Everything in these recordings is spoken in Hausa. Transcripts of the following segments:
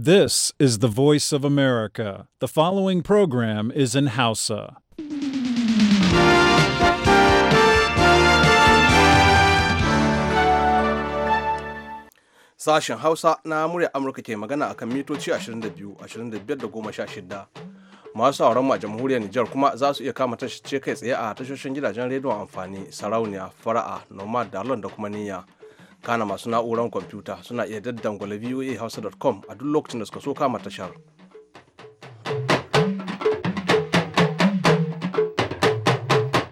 This is the voice of America. The following program is in Hausa. Sashen Hausa na murya Amurka ke magana a kan mitoci 22, 25 16. Masu auren mu a jamhuriyar Nijar kuma za su iya kama ce kai tsaye a tashoshin gidajen rediyon amfani, sarauniya, fara'a, nomad, dalon da kuma niyya. kana masu na'uran kwamfuta suna iya daddangwale voahausa.com a duk lokacin da suka so kama tashar.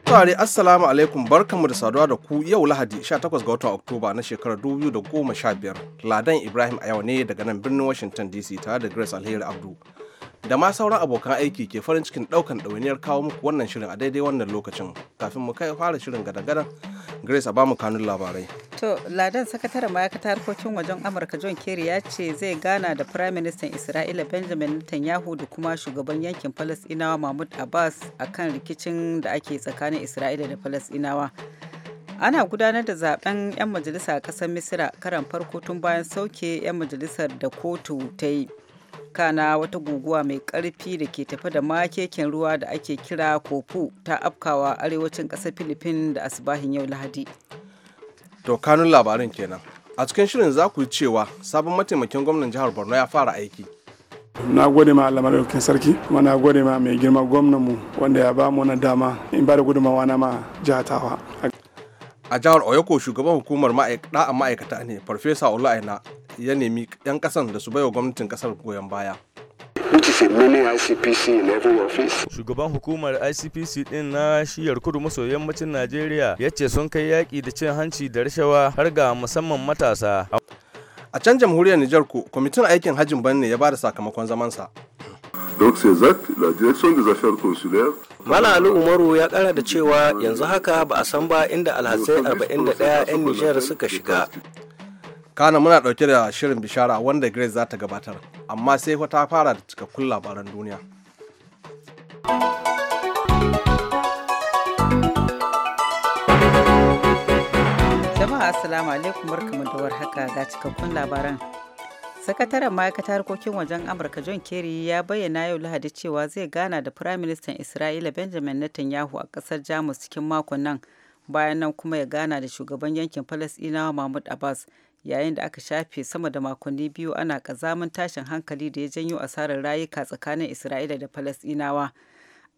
Tare Assalamu alaikum barkanmu da saduwa da ku yau Lahadi 18 ga watan Oktoba na shekarar 2015. Ladan Ibrahim a ne daga nan birnin Washington DC tare da Grace Alheri Abdu. da ma sauran abokan aiki ke farin cikin daukan ɗawainiyar kawo muku wannan shirin a daidai wannan lokacin kafin mu kai fara shirin gada gada grace a bamu kanun labarai to ladan sakataren ma'aikatar harkokin wajen amurka john kerry ya ce zai gana da prime minister isra'ila benjamin netanyahu da kuma shugaban yankin falasɗinawa mahmud abbas kan rikicin da ake tsakanin isra'ila da falasɗinawa ana gudanar da zaben 'yan majalisa a ƙasar misira karan farko tun bayan sauke 'yan majalisar da kotu ta yi kana wata guguwa mai karfi da ke tafi da makeken ruwa da ake kira kofu ta afkawa arewacin kasar filifin da asibahin yau lahadi to kanun labarin kenan a cikin shirin za ku cewa sabon mataimakin gwamnan jihar borno ya fara aiki na gode ma Allah madaukakin sarki kuma na gode ma mai girma gwamnanmu wanda ya ba mu na dama in ba da gudunmawa na ma jihatawa a jihar oyoko shugaban hukumar a ma'aikata ne farfesa oluaina ya nemi 'yan kasan da su baiwa gwamnatin kasar goyon baya Shugaban hukumar ICPC din na shiyar kudu maso yammacin Najeriya ya ce sun kai yaƙi da cin hanci da rashawa har ga musamman matasa. A can jamhuriyar Nijar ko kwamitin aikin hajjin banne ya ba da sakamakon zamansa. Donc c'est la direction des affaires consulaires. Mala Umaru ya kara da cewa yanzu haka ba a san ba inda alhassai 41 'yan Nijar suka shiga. Kana muna ɗauke da shirin bishara wanda Grace za ta gabatar, amma sai ta fara da cikakkun labaran duniya. Jama'a Assalamu alaikum barkamu da warhaka ga cikakkun labaran. sakataren ma'aikatar harkokin wajen amurka john kerry ya bayyana yau lahadi cewa zai gana da firaministan isra'ila benjamin netanyahu a kasar jamus cikin makon nan bayan nan kuma ya gana da shugaban yankin falasɗinawa mahmud abbas yayin da aka shafe sama da makonni biyu ana kazamin tashin hankali da ya janyo asarar rayuka tsakanin isra'ila da falasɗinawa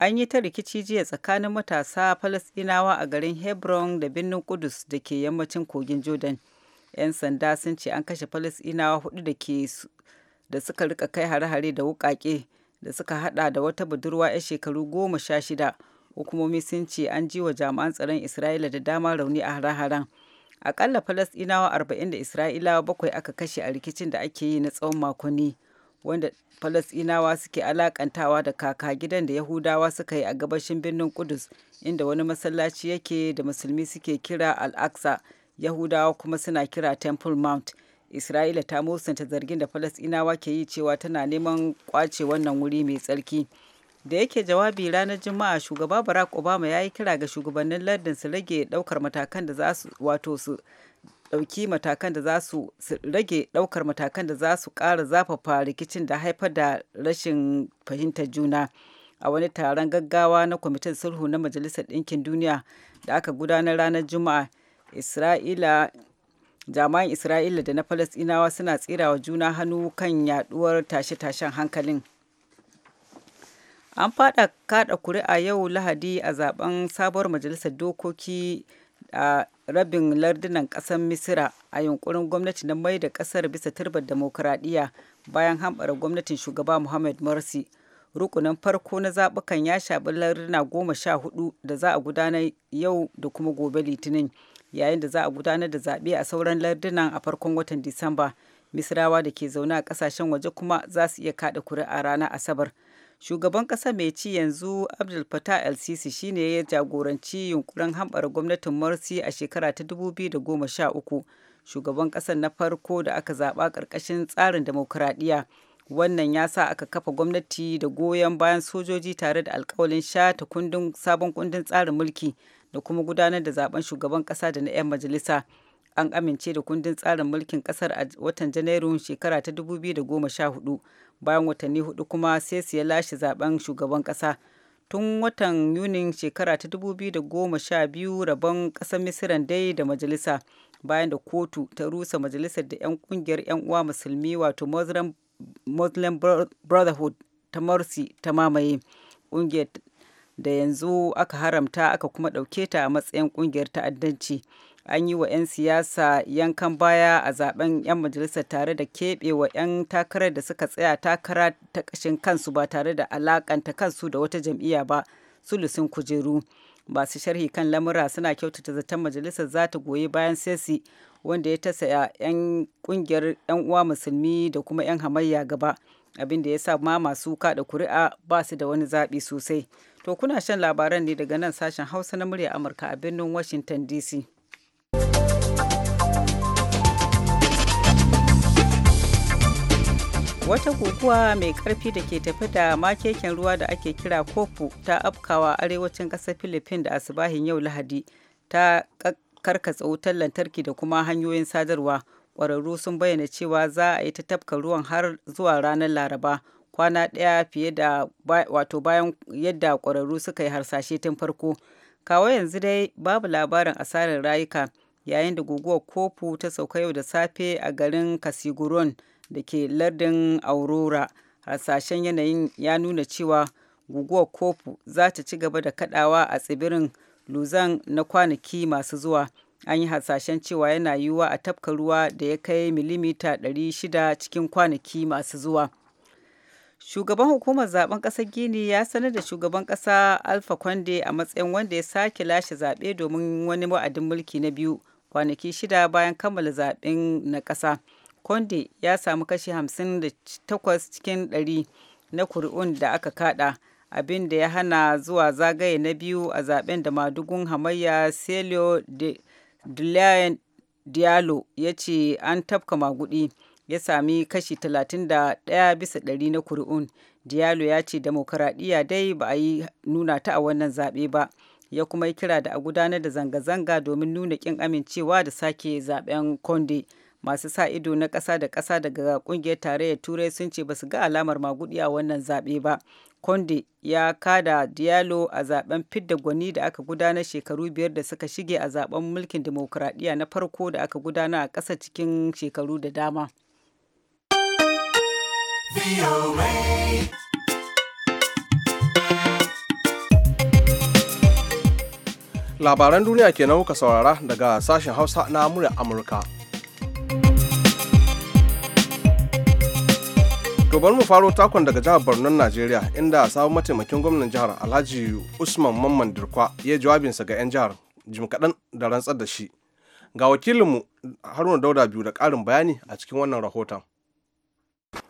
an yi ta rikici jiya tsakanin matasa falasɗinawa a garin hebron da birnin kudus da ke yammacin kogin jordan 'yan sanda sun ce an kashe falasɗinawa hudu da ke da suka rika kai hare-hare da wukake da suka hada da wata budurwa ya shekaru goma sha shida hukumomi sun ce an ji wa jami'an tsaron isra'ila da dama rauni a hare-haren akalla falasɗinawa arba'in da isra'ilawa bakwai aka kashe a rikicin da ake yi na tsawon makonni wanda falasɗinawa suke alakantawa da kaka gidan da yahudawa suka yi a gabashin birnin kudus inda wani masallaci yake da musulmi suke kira al-aqsa yahudawa kuma suna kira temple mount isra'ila ta musanta zargin da falasinawa ke yi cewa tana neman kwace wannan wuri mai tsarki da yake jawabi ranar juma'a shugaba barack obama ya yi kira ga shugabannin lardin su rage daukar matakan da za su wato su dauki matakan da za su rage daukar matakan da za su kara zafafa rikicin da haifar da rashin fahimtar juna a wani taron gaggawa na kwamitin sulhu na majalisar ɗinkin duniya da aka gudanar ranar juma'a isra'ila jami'an isra'ila da na falasɗinawa suna tsirawa juna hannu kan yaduwar tashe-tashen hankalin an fada kada kuri'a yau lahadi a zaben sabuwar majalisar dokoki a rabin lardunan ƙasar misira a yunkurin gwamnati na mai da ƙasar bisa turbar demokuraɗiyya bayan hambara gwamnatin shugaba muhammad morsi rukunin farko na zaɓukan ya shaɓi larduna goma sha hudu da za a gudanar yau da kuma gobe litinin yayin da za a gudanar da zaɓe a sauran lardunan a farkon watan Disamba. Misrawa da ke zaune a ƙasashen waje kuma za su iya kaɗa kuri'a ranar Asabar. Shugaban ƙasa mai ci yanzu Abdul Fattah El Sisi shine ya jagoranci yunkurin hambar gwamnatin Morsi a shekara ta 2013. Shugaban ƙasar na farko da aka zaɓa ƙarƙashin tsarin demokuraɗiyya. wannan ya sa aka kafa gwamnati da goyon bayan sojoji tare da alkawalin shata kundin sabon kundin tsarin mulki da kuma gudanar da zaben shugaban kasa da na 'yan majalisa an amince da kundin tsarin mulkin kasar a watan janairun shekara ta 2014 bayan watanni hudu kuma sai su ya lashe zaben shugaban kasa tun watan yunin shekara ta 2012 rabon kasar misiran dai da majalisa bayan da kotu ta rusa majalisar da 'yan kungiyar 'yan uwa musulmi wato muslim brotherhood ta morsi ta mamaye kungiyar da yanzu aka haramta aka kuma ɗauke ta a matsayin ƙungiyar ta'addanci an yi wa 'yan siyasa yankan baya a zaben 'yan majalisar tare da keɓe wa 'yan takarar da suka tsaya takara ta ƙashin kansu ba tare da alaƙanta kansu da wata jam'iyya ba sulusin kujeru masu sharhi kan lamura suna kyautata zaton majalisar za ta goyi bayan sesi wanda ya tasaya 'yan kungiyar 'yan uwa musulmi da kuma 'yan hamayya gaba abin da ya sa ma masu kaɗa kuri'a ba su da wani zaɓi sosai To kuna shan labaran ne daga nan sashen Hausa na murya Amurka a birnin Washington DC. Wata guguwa mai karfi da ke tafi da makeken ruwa da ake kira kofu ta afkawa arewacin ƙasar Philippines da asibahin yau Lahadi ta karkatsa wutar lantarki da kuma hanyoyin sadarwa. Ƙwararru sun bayyana cewa za a yi ta tafka ruwan har zuwa ranar Laraba. kwana ɗaya fiye da wato bayan yadda ƙwararru suka yi harsashe tun farko kawo yanzu dai babu labarin asarar rayuka yayin da guguwar kofu ta sauka yau da safe a garin kasiguron da ke lardin aurora hasashen yanayin ya nuna cewa guguwar kofu za ta ci gaba da kadawa a tsibirin luzan na kwanaki masu zuwa an yi hasashen cewa yana yiwuwa a tafka ruwa da ya kai milimita 600 cikin kwanaki masu zuwa shugaban hukumar zaben kasar gini ya sanar da shugaban kasa alfa kwande a matsayin wanda ya sake lashe zaɓe domin wani wa'adin mulki na biyu kwanaki shida bayan kammala zaɓen na ƙasa kwande ya samu kashi 58 cikin 100 na kuri'un da aka kada abin da ya hana zuwa zagaye na biyu a zaben da madugun hamayya celio de, diallo ya ce an tafka magudi. ya sami kashi 31 bisa ɗari na kuri'un diallo ya ce demokuraɗiyya dai ba a yi nuna ta a wannan zaɓe ba ya kuma yi kira da a gudanar da zanga-zanga domin nuna ƙin amincewa da sake zaɓen konde masu sa ido na ƙasa da ƙasa daga ƙungiyar tarayyar turai sun ce ba su ga alamar maguɗi a wannan zaɓe ba konde ya kada diallo a zaɓen fidda gwani da aka gudanar shekaru biyar da suka shige a zaɓen mulkin demokuraɗiyya na farko da aka gudana a ƙasa cikin shekaru da dama Labaran duniya ke kenan kuka saurara daga sashen Hausa na murya Amurka. To bari mu faro takon daga jihar Borno Najeriya inda sabon mataimakin gwamnan jihar Alhaji Usman Mamman Dirkwa ya jawabinsa ga 'yan jihar jim kaɗan da rantsar da shi. Ga wakilinmu Haruna Dauda biyu da ƙarin bayani a cikin wannan rahoton.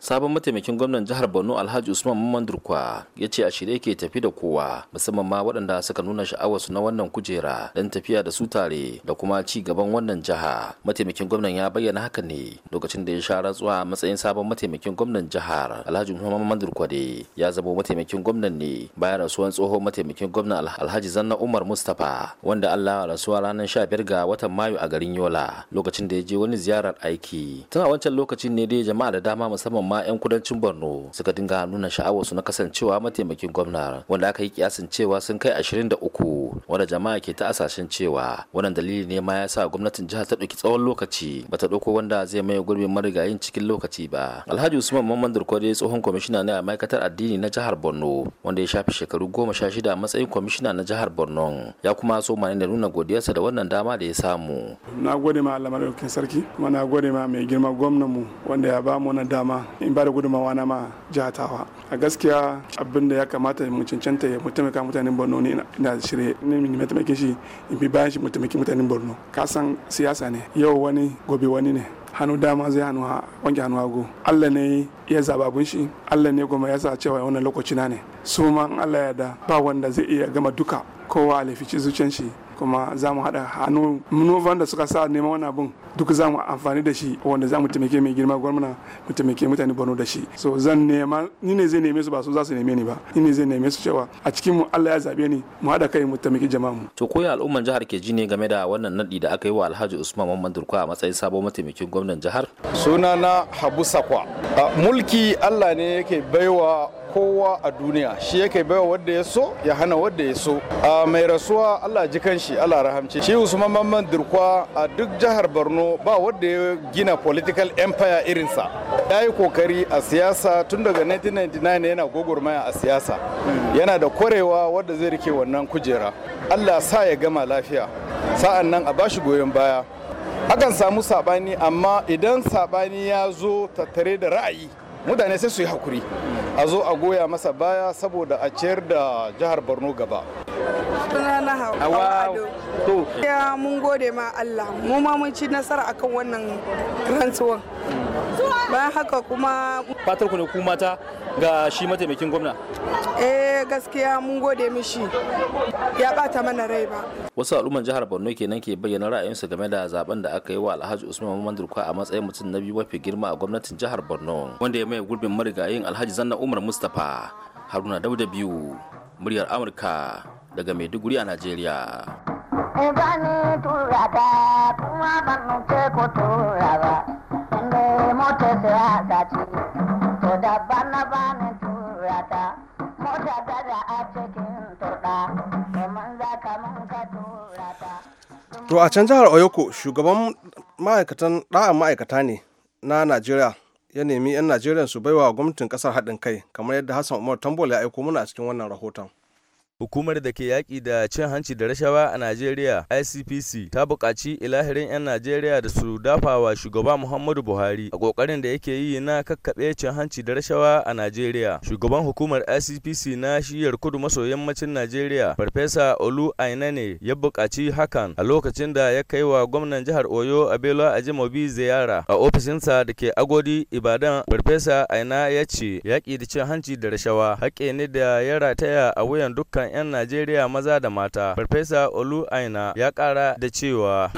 sabon mataimakin gwamnan jihar borno alhaji usman mamman durkwa ya ce a shirye ke tafi da kowa musamman ma waɗanda suka nuna sha'awarsu na wannan kujera don tafiya da su tare da kuma ci gaban wannan jiha mataimakin gwamnan ya bayyana haka ne lokacin da ya sha rantsuwa a matsayin sabon mataimakin gwamnan jihar alhaji usman mamman durkwa ne ya zamo mataimakin gwamnan ne bayan rasuwan tsohon mataimakin gwamnan alhaji zanna umar mustapha wanda allah rasuwa ranar sha biyar ga watan mayu a garin yola lokacin da ya je wani ziyarar aiki tun a wancan lokacin ne dai jama'a da dama musamman musamman ma 'yan kudancin borno suka dinga nuna sha'awar su na kasancewa mataimakin gwamna wanda aka yi kiyasin cewa sun kai 23 wanda jama'a ke ta asashen cewa wannan dalili ne ma ya sa gwamnatin jihar ta ɗauki tsawon lokaci ba ta ɗauko wanda zai maye gurbin marigayin cikin lokaci ba alhaji usman mamman durkwari tsohon kwamishina na ma'aikatar addini na jihar borno wanda ya shafi shekaru goma sha shida matsayin kwamishina na jihar borno ya kuma so ma da nuna godiyarsa da wannan dama da ya samu na gode ma allah sarki kuma na gode ma mai girma gwamnan mu wanda ya ba mu wannan dama in ba da gudunmawa na ma jihatawa a gaskiya abin da ya kamata mu cancanta ya mu taimaka mutanen borno ne na shirye ne mu taimake shi in bi bayan shi mu taimaki mutanen borno ka san siyasa ne yau wani gobe wani ne hannu dama zai hannu wanke hannu hagu allah ne ya zaba abun shi allah ne goma ya sa cewa wannan lokaci na ne su ma allah ya da ba wanda zai iya gama duka kowa a laifici zuciyan shi kuma za mu haɗa hannu manufan da suka sa neman wani abin duk za mu amfani da shi wanda za mu taimake mai girma gwamna mu taimake mutane borno da shi so zan nema ni ne zai neme su ba su za su neme ni ba ni ne zai neme su cewa a cikin mu Allah ya zabe ni mu haɗa kai mu taimake jama'a mu to koyi al'umman jihar ke ji ne game da wannan nadi da aka yi wa Alhaji Usman Muhammad Durkwa a matsayin sabon mataimakin gwamnan jihar sunana Habu Sakwa mulki Allah ne yake baiwa kowa a duniya shi yake baiwa wanda ya so ya hana wanda ya so a mai rasuwa Allah ji kanshi Allah rahamce shi Usman Mamman Dirkwa a duk jihar Borno ba wanda ya gina political empire irinsa ya yi kokari a siyasa tun daga 1999 yana gogurmaya a siyasa yana da kwarewa wadda zai rike wannan kujera Allah sa ya gama lafiya sa'an nan a bashi goyon baya akan samu saɓani, amma idan saɓani ya zo tattare da ra'ayi mutane sai su yi hakuri a zo a goya masa baya saboda a ciyar da jihar borno gaba mun gode ma allah mu ma mun ci nasara akan wannan rantsuwan mm. bayan haka kuma fatar ku ne ku mata ga shi mataimakin gwamna eh gaskiya mun gode mishi ya bata mana rai ba wasu al'umman jihar borno kenan ke bayyana ra'ayinsu game da zaben da aka yi wa alhaji usman Muhammad durkwa a matsayin mutum na biyu mafi girma a gwamnatin jihar borno wanda ya maye gurbin marigayin alhaji zanna umar mustapha haruna dauda biyu muryar amurka daga maiduguri a najeriya Ibani eh, kuma ban nuke ko tura inda mota da bana bani turata mota da a cikin domin za ka mun turata To a can jihar Oyoko shugaban ma'aikatan ɗa'an ma'aikata ne na Najeriya ya nemi 'yan Najeriya su baiwa gwamnatin ƙasar haɗin kai kamar yadda Hassan Umar Tambola ya aiko muna cikin wannan rahoton. Hukumar da ke yaƙi da cin hanci da rashawa a Najeriya ICPC ta buƙaci ilahirin 'yan Najeriya da su dafawa shugaba Muhammadu Buhari a ƙoƙarin da yake yi na kakkaɓe cin hanci da rashawa a Najeriya. Shugaban hukumar ICPC na shiyar kudu maso yammacin Najeriya Farfesa Olu ne ya buƙaci hakan a lokacin da ya kai wa gwamnan jihar Oyo a Abelo Ajimobi ziyara a ofishinsa da ke Agodi Ibadan. Farfesa Aina ya ce yaƙi da cin hanci da rashawa haƙƙi ne da ya rataya a wuyan dukkan 'yan Najeriya maza da mata. Farfesa Olu Aina ya ƙara da cewa.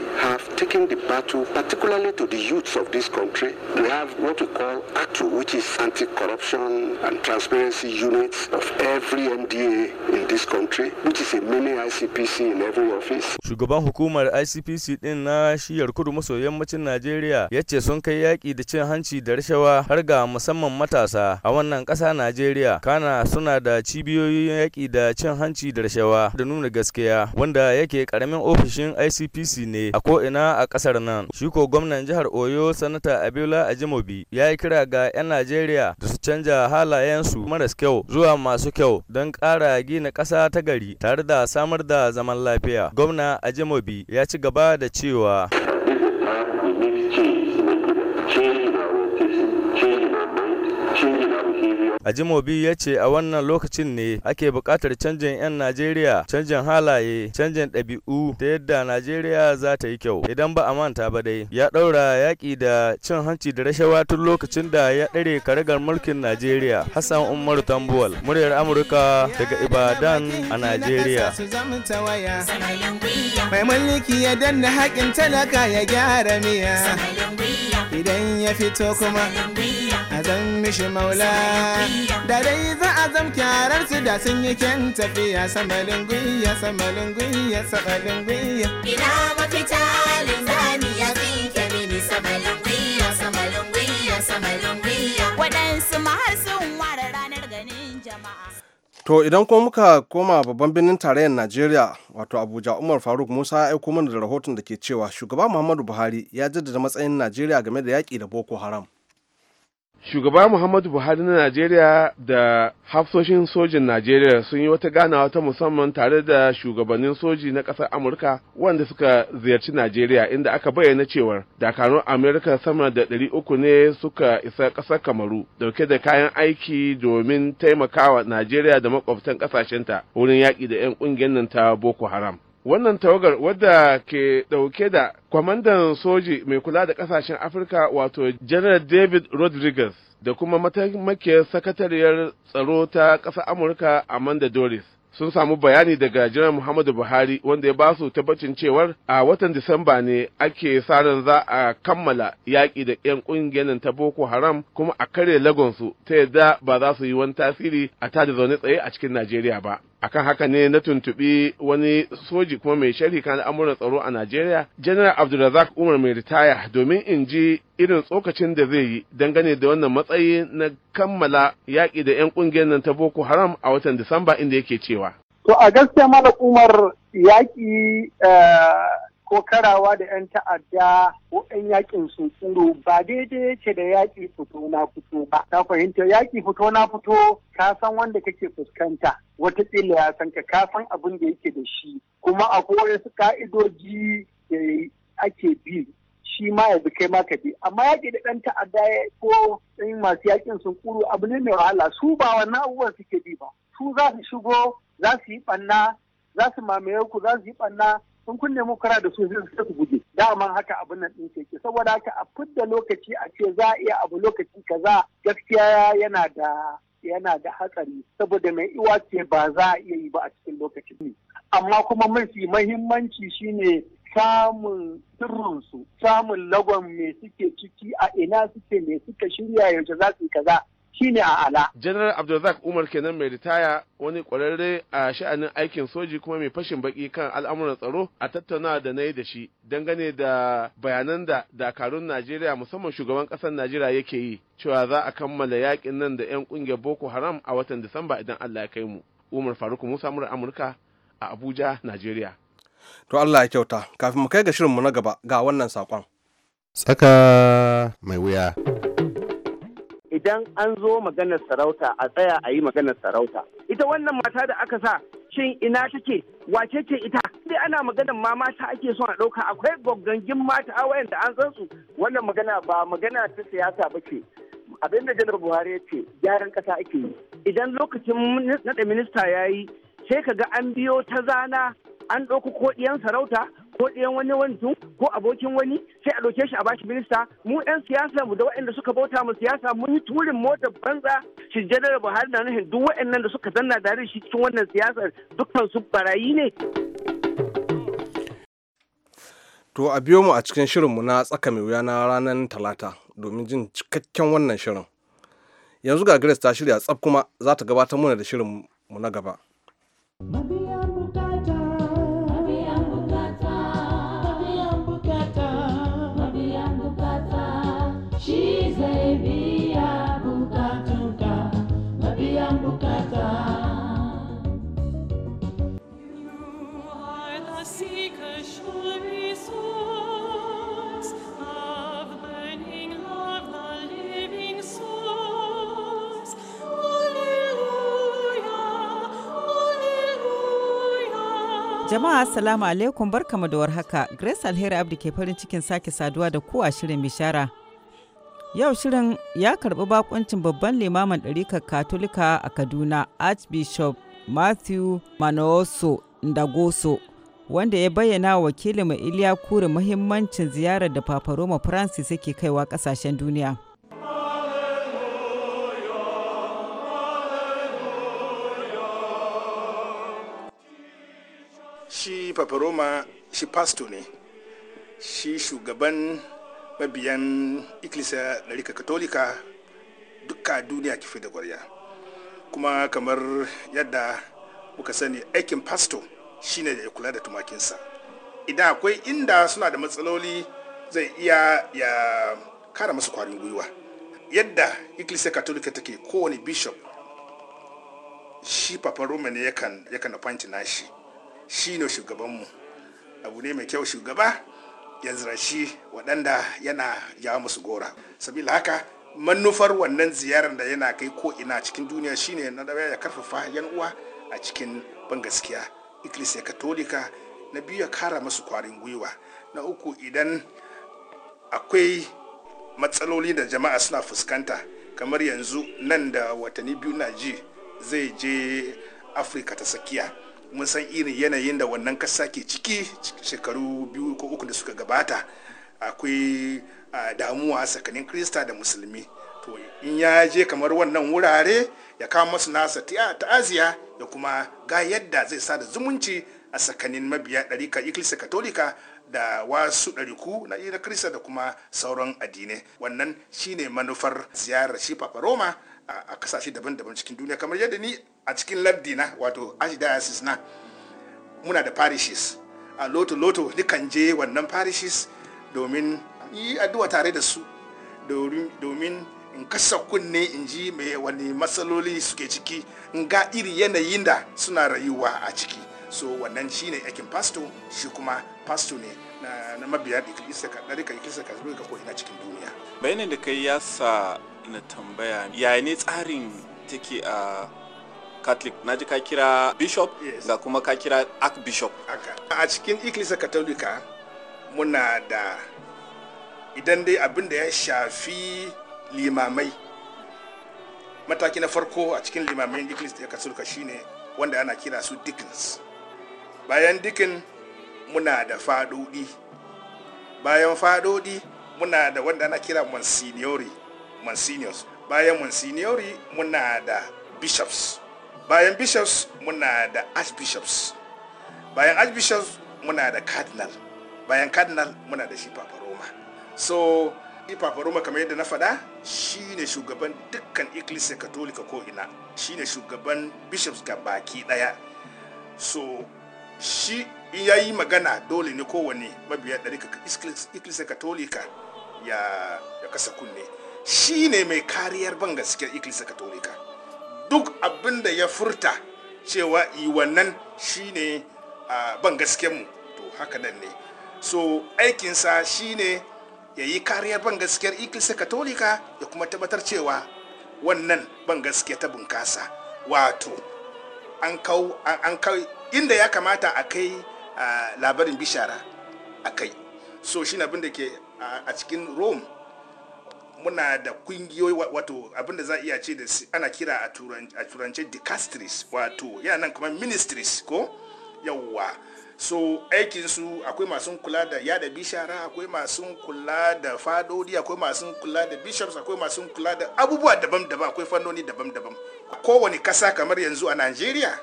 we have taken the battle, particularly to the youths of this country. We have what we call ACTU, which is anti-corruption and transparency units of every MDA in this country, which is a mini ICPC in every office. Shugaban hukumar ICPC din na shiyar kudu maso yammacin Najeriya ya ce sun kai yaƙi da cin hanci da rashawa har ga musamman matasa a wannan ƙasa Najeriya. Kana suna da cibiyoyin yaƙi da cin hanci da rashawa da nuna gaskiya wanda yake ƙaramin ofishin ICPC ne a a ko'ina a ƙasar nan. Shi ko gwamnan jihar Oyo Sanata Abiola Ajimobi ya yi kira ga 'yan Najeriya da su canja halayensu maras kyau zuwa masu kyau don ƙara gina ƙasa ta gari tare da samar da zaman lafiya. Gwamna Ajimobi ya ci gaba da cewa. Ajimobi ya ce a wannan lokacin ne ake buƙatar canjin 'yan Najeriya, canjin halaye, canjin ɗabi'u ta yadda Najeriya za ta yi kyau. Idan ba a manta ba dai, ya ɗaura yaƙi da cin hanci da rashawa tun lokacin da ya ɗare karagar mulkin Najeriya. Hassan Umar Tambuwal, muryar Amurka daga Ibadan a Najeriya. Mai mulki ya danna haƙin talaka ya gyara miya. Idan ya fito kuma a shi maula da dai za a zam kyarar su da sun yi kyan tafiya samalin gwiya samalin gwiya samalin gwiya ina mafita linzami ya tsinke mini samalin gwiya samalin gwiya samalin gwiya waɗansu mahasun ware ranar ganin jama'a To idan kuma muka koma babban birnin tarayyar Najeriya wato Abuja Umar Faruk Musa ya aiko mana da rahoton da ke cewa shugaba Muhammadu Buhari ya jaddada matsayin Najeriya game da yaƙi da Boko Haram. Shugaba Muhammadu Buhari na Najeriya da hafsoshin sojin Najeriya sun yi wata ganawa ta musamman tare da shugabannin soji na ƙasar Amurka wanda suka ziyarci Najeriya inda aka bayyana cewar dakarun Amurka sama da ɗari uku ne suka isa ƙasar Kamaru dauke da kayan aiki domin taimakawa Najeriya da makwabtan ƙasashenta wurin yaƙi da 'yan ƙungiyar nan ta Boko Haram. wannan tawagar wadda ke dauke da kwamandan soji mai kula da kasashen afirka wato general david rodriguez da kuma mataimakiyar sakatariyar tsaro ta ƙasar amurka amanda doris sun samu bayani daga jiran muhammadu buhari wanda ya ba su tabbacin cewar a watan disamba ne ake sa za a kammala yaƙi da 'yan ƙungiyar ta boko haram kuma a kare lagonsu ta yadda ba za su yi wani tasiri a tada zaune tsaye a cikin najeriya ba akan haka ne na tuntuɓi wani soji kuma mai sharhi kan al'amuran tsaro a Najeriya, General Abdulrazak Umar mai ritaya domin in ji irin tsokacin da zai yi dangane da wannan matsayi na kammala yaƙi da 'yan ƙungiyar nan ta Boko Haram a watan Disamba inda yake cewa. To a gaskiya Malam Umar yaƙi eh, ko karawa da 'yan ta'adda ko 'yan yakin su ba daidai yake da yaƙi fito na fito ba. Ta fahimta yaƙi fito na fito ka san wanda kake fuskanta ƙila ya san ka san abin da yake da shi kuma akwai wasu ka'idoji da ake bi shi ma ya kai ma ka bi amma yaƙi da ɗan ta'adda ko ɗan masu yaƙin sun kuru abu ne mai wahala su ba wannan abubuwan suke bi ba su za su shigo za su yi ɓanna za su mamaye ku za su yi ɓanna sun kunne mu kara da su zai su guje daman haka abin nan din ke saboda haka a fidda lokaci a ce za a iya abu lokaci kaza gaskiya yana da yana da hatsari saboda mai iwa ce ba za a iya yi ba a cikin lokacin ne amma kuma mafi mahimmanci shine samun sirrinsu samun lagon me suke ciki a ina suke me suka shirya yanzu za su yi kaza shine a ala. General Abdulrazak Umar kenan mai ritaya wani kwararre a sha'anin aikin soji kuma mai fashin baki kan al'amuran tsaro a tattauna da na yi da shi dangane da bayanan da dakarun Najeriya musamman shugaban ƙasar Najeriya yake yi cewa za a kammala yakin nan da 'yan ƙungiyar Boko Haram a watan Disamba idan Allah ya kai mu. Umar Faruk Musa mura Amurka a Abuja, Najeriya. To Allah ya kyauta, kafin mu kai ga shirinmu na gaba ga wannan saƙon. Tsaka mai wuya. idan an zo maganar sarauta a tsaya a yi maganar sarauta ita wannan mata da aka sa shin ina take wace ce ita sai ana maganar ma mata ake son a ɗauka akwai gwaggangin mata da an san su wannan magana ba magana ta siyasa ba ce abin da janar buhari ya ce gyaran ƙasa ake yi idan lokacin naɗa minista ya yi sai ka ga an biyo ta zana an ɗauko ko sarauta ko ɗayan wani wantu ko abokin wani sai a ɗauke shi a bashi minista mu 'yan siyasa mu da waɗanda suka bauta mu siyasa mun yi turin motar banza shi janar buhari na nuhin duk waɗannan da suka zanna da shi cikin wannan siyasar dukkan su barayi ne. to a biyo mu a cikin mu na tsaka mai wuya na ranar talata domin jin cikakken wannan shirin yanzu ga grace ta shirya tsab kuma za ta gabatar mana da shirin mu na gaba. Jama'a Assalamu alaikum barkamu da warhaka. Grace Alheri Abdi ke farin cikin sake saduwa da kowa shirin bishara. Yau shirin ya karɓi bakuncin babban limamin ɗarikar Katolika a Kaduna Archbishop Matthew Manoso Ndagoso wanda ya bayyana wakilin Iliya Kure muhimmancin ziyarar da Papa Roma Francis yake kaiwa ƙasashen duniya. paparoma shi pasto ne shi shugaban mabiyan ikilisa ɗarika katolika duka duniya fi da gwarya kuma kamar yadda muka sani aikin pasto shine da ya kula da tumakinsa idan akwai inda suna da matsaloli zai iya ya kara masu kwarin gwiwa yadda ikilisa katolika take kowane bishop shi papa roma ne yakan yakan appoint nashi shi shine shugabanmu abu ne mai kyau shugaba ya zirashi waɗanda yana ya musu gora sabila haka manufar wannan ziyarar da yana kai ko ina cikin duniya shine na daya ya karfafa yan uwa a cikin bangaskiya ya katolika na biyu ya kara masu kwarin gwiwa na uku idan akwai matsaloli da jama'a suna fuskanta kamar yanzu nan da watanni biyu na ji zai je afirka ta tsakiya mun san irin yanayin da wannan kasa ke ciki shekaru biyu ko uku da suka gabata akwai damuwa tsakanin krista da musulmi to in ya je kamar wannan wurare ya kawo masu nasa ta'aziya da kuma ga yadda zai sa da zumunci a tsakanin mabiya ɗarika ikilisa katolika da wasu ɗariku na ina krista da kuma sauran addinai wannan shine manufar ziyarar shi papa roma a kasashe daban-daban cikin duniya kamar yadda ni a cikin labdi na wato archdiocese na muna da parishes a loto loto kan je wannan parishes domin yi addu'a tare da su domin in kasa kunne in ji mai wani matsaloli suke ciki in ga iri yanayin da suna rayuwa a ciki so wannan shi ne aikin pasto shi kuma pasto ne na mabiya ɗarika ikilisa zuwa ko ina cikin duniya bayanin da kai ya sa na tambaya yaya ne tsarin take a catholic na ji ka kira bishop ga kuma ka kira archbishop a cikin ikilisa katolika muna da idan dai abin da ya shafi limamai mataki na farko a cikin limamai ikilisa katolika shine wanda ana kira su dickens bayan dickens muna da fadodi bayan fadodi muna da wanda ana kira monsignori monsignors bayan monsignori muna da bishops bayan bishops muna da archbishops bayan archbishops muna da cardinal bayan cardinal muna da shi papa roma so shi papa roma kamar yadda na faɗa ne shugaban dukkan ecclesia katolika ko ina shi ne shugaban bishops ga baki ɗaya so shi in ya yi magana dole ne kowane mabiya ɗarika ecclesia katolika ya, ya kasa kunne shi ne mai kariyar ban gaskiyar ecclesia katolika duk abin da ya furta cewa yi wannan shine ban ban mu. to haka nan ne so aikinsa shine ya yi kariyar ban gaskiyar ikilisa katolika ya kuma tabbatar cewa wannan ban gaskiya ta bunkasa wato an kai inda ya kamata a kai labarin bishara a kai so shi abin da ke a cikin rome muna da kungiyoyi wato abinda za a iya ce da ana kira a turance dicasteries wato yana nan kamar ministries ko yawwa so aikinsu akwai masu kula da yada bishara akwai masu kula da fadodi akwai masu kula da bishops akwai masu kula da abubuwa daban-daban akwai fannoni daban-daban kowane kasa kamar yanzu a nigeria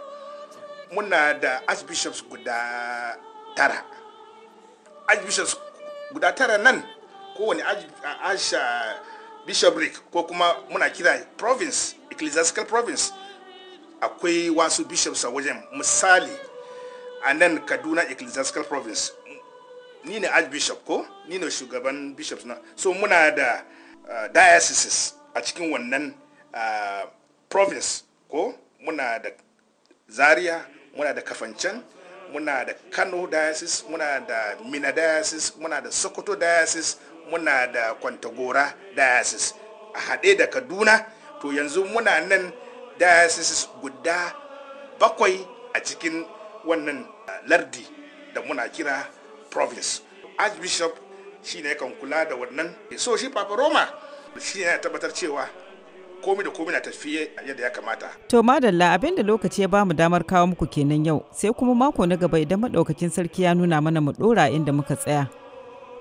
muna da archbishops guda tara archbishops guda tara nan kowane asha bishopric ko kuma muna kira province ecclesiastical province akwai wasu bishops a wajen misali a nan kaduna ecclesiastical province ni ne archbishop ko ni ne shugaban bishops na so muna da uh, dioceses a cikin wannan uh, province ko muna da zaria muna da kafancan muna da kano diocese muna da mina diocese muna da sokoto diocese muna da kwantagora diocese a haɗe da kaduna to yanzu muna nan diocese guda bakwai a cikin wannan ah, lardi da muna kira province archbishop shi ne kan kula da wannan so shi papa roma shi ne tabbatar cewa komi da komi na tafiye yadda ya kamata. To madalla abin da lokaci ya bamu damar kawo muku kenan yau sai kuma mako na gaba idan madaukakin sarki ya nuna mana mu dora inda muka tsaya.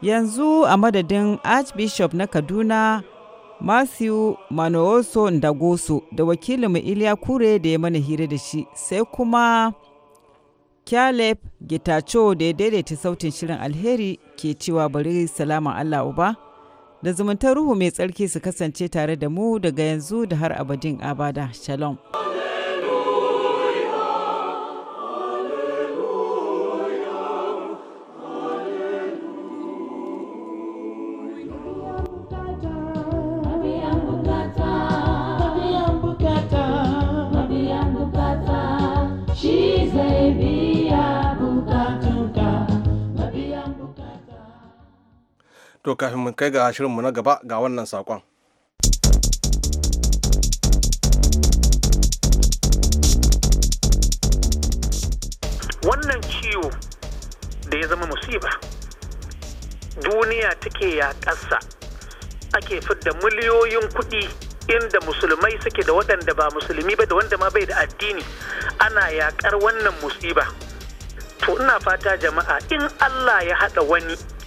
yanzu a madadin archbishop na kaduna matthew manoso ndagoso da wakilinmu iliya kure da ya mana hira da shi sai kuma caleb gitacho da ya daidaita sautin shirin alheri ke cewa bari salaman allah uba da zumuntar ruhu mai tsarki su kasance tare da mu daga yanzu da har abadin abada shalom To kafin mu kai ga shirinmu na gaba ga wannan saƙon. Wannan ciwo da ya zama musiba, duniya take ya ƙasa ake fidda miliyoyin kuɗi inda musulmai suke da waɗanda ba musulmi ba da wanda ma bai da addini ana yaƙar wannan musiba. To ina fata jama'a in Allah ya haɗa wani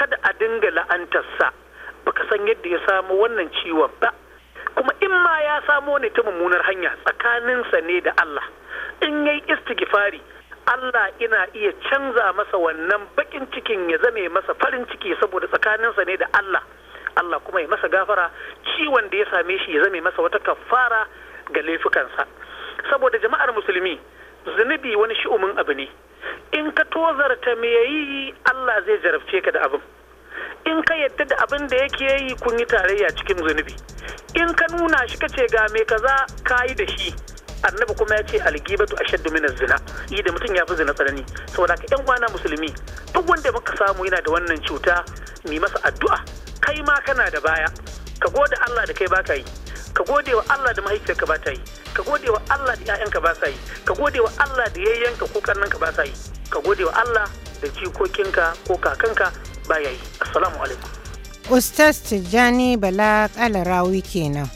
kada a dinga la'antarsa baka san yadda ya samu wannan ciwon ba kuma in ma ya samo ne ta mummunar hanya tsakaninsa ne da Allah in yayi istighfari Allah ina iya canza masa wannan bakin cikin ya zame masa farin ciki saboda tsakaninsa ne da Allah Allah kuma ya masa gafara ciwon da ya same shi ya zame masa wata kafara ga laifukansa saboda jama'ar musulmi zunubi wani shi'umin abu ne in ka tozarta me yi Allah zai jarabce ka da abin in ka yadda da abin da yake yi kun yi tarayya cikin zunubi in ka nuna shi ka ce ga me kaza ka yi da shi annabi kuma ya ce algibatu ashaddu min zina yi da mutum ya fi zina tsanani saboda ka yan kwana musulmi duk wanda muka samu yana da wannan cuta mi masa addu'a kai ma kana da baya ka gode Allah da kai baka yi ka gode wa Allah da mahaifiyarka ba ta yi ka gode wa Allah da 'ya'yanka ba sa yi ka gode wa Allah da yayyanka ko ka ba sa yi ka gode wa Allah da jikokinka ko kakanka ba yi. assalamu alaikum ustaz tijjani bala kalarawi kenan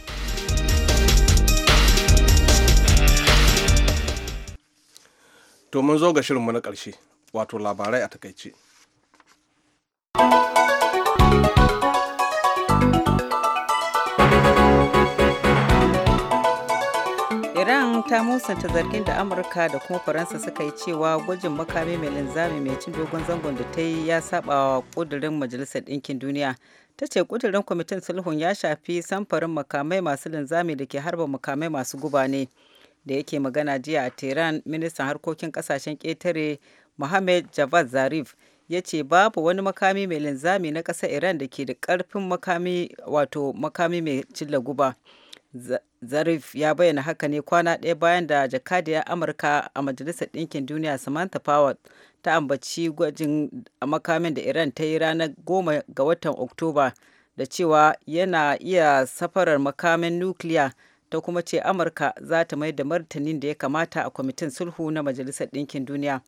to mun zo ga shirin mu na ƙarshe wato labarai a takaice ta musanta zargin da amurka da kuma faransa suka yi cewa gwajin makami mai linzami mai cin dogon zangon da ta yi ya saba wa kudurin majalisar ɗinkin duniya ta ce kudurin kwamitin sulhun ya shafi samfarin makamai masu linzami da ke harba makamai masu guba ne da yake magana jiya a tehran ministan harkokin kasashen ketare mohamed javad zarif ya ce babu wani makami mai linzami na ƙasar iran da ke da ƙarfin makami wato makami mai cilla guba zarif ya bayyana haka ne kwana ɗaya bayan da jakadiyar amurka a majalisar ɗinkin duniya samantha power ta ambaci gwajin makamin da iran ta yi ranar goma ga watan oktoba da cewa yana iya safarar makamin nukiliya ta kuma ce amurka za ta mai da martanin da ya kamata a kwamitin sulhu na majalisar ɗinkin duniya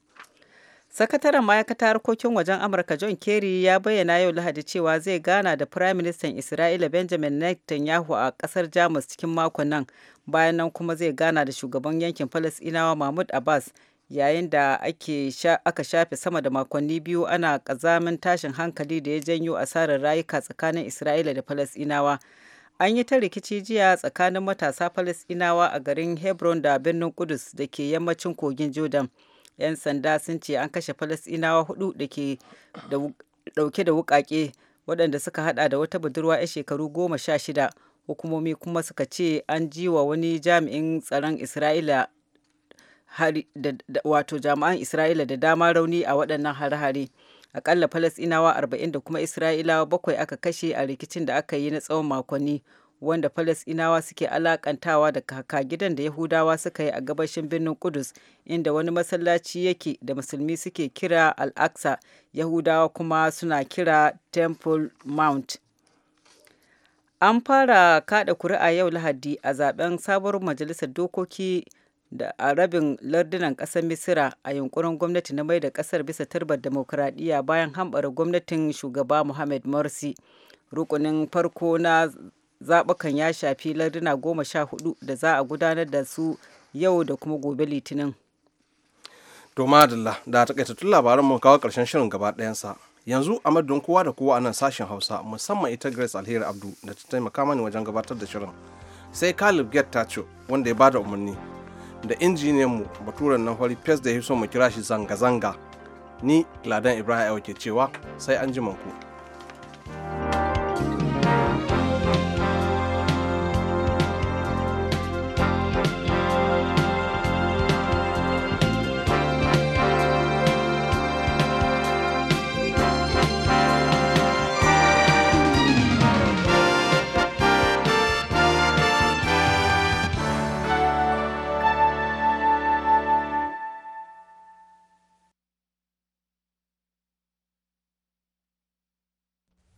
Sakataren ma'aikatar harkokin wajen Amurka John Kerry ya bayyana yau Lahadi cewa zai gana da Firaministan Isra'ila Benjamin Netanyahu a ƙasar Jamus cikin makon nan, bayan nan kuma zai gana da shugaban yankin Falasɗinawa Mahmud Abbas yayin da aka shafe sama da makonni biyu ana kazamin tashin hankali da ya janyo asarar rayuka tsakanin Isra'ila da Falasɗinawa. An yi ta rikici jiya tsakanin matasa Falasɗinawa a garin Hebron da birnin Kudus da ke yammacin kogin Jordan. 'yan sanda sun ce an kashe falasɗinawa hudu da ke dauke da wukake waɗanda suka hada da wata budurwa 'yan shekaru goma sha shida hukumomi kuma suka ce an ji wa wani jami'in tsaron isra'ila wato jami'an isra'ila da dama rauni a waɗannan hare-hare akalla falasɗinawa arba'in da kuma isra'ilawa bakwai aka kashe a rikicin da aka yi na tsawon makonni wanda falasɗinawa suke alakantawa da kaka gidan da yahudawa suka yi a gabashin birnin kudus inda wani masallaci yake da musulmi suke kira al-aqsa yahudawa kuma suna kira temple mount an fara kada kuri'a yau lahadi a zaben sabuwar majalisar dokoki da a rabin lardunan kasar misira a yunkurin gwamnati na mai da kasar bisa tarbar demokuraɗiyya bayan hambara gwamnatin shugaba mohamed morsi rukunin farko na zaɓukan ya shafi larduna goma sha hudu da za a gudanar da su yau da kuma gobe litinin to madalla da tun labaran mu kawo karshen shirin gaba ɗayansa yanzu a madadin kowa da kowa a nan sashen hausa musamman ita grace alheri abdu da ta taimaka mani wajen gabatar da shirin sai kalib get tacho wanda ya bada umarni da injiniyan mu baturan nan fari fes da ya so mu kira shi zanga-zanga ni ladan ibrahim ke cewa sai an ku.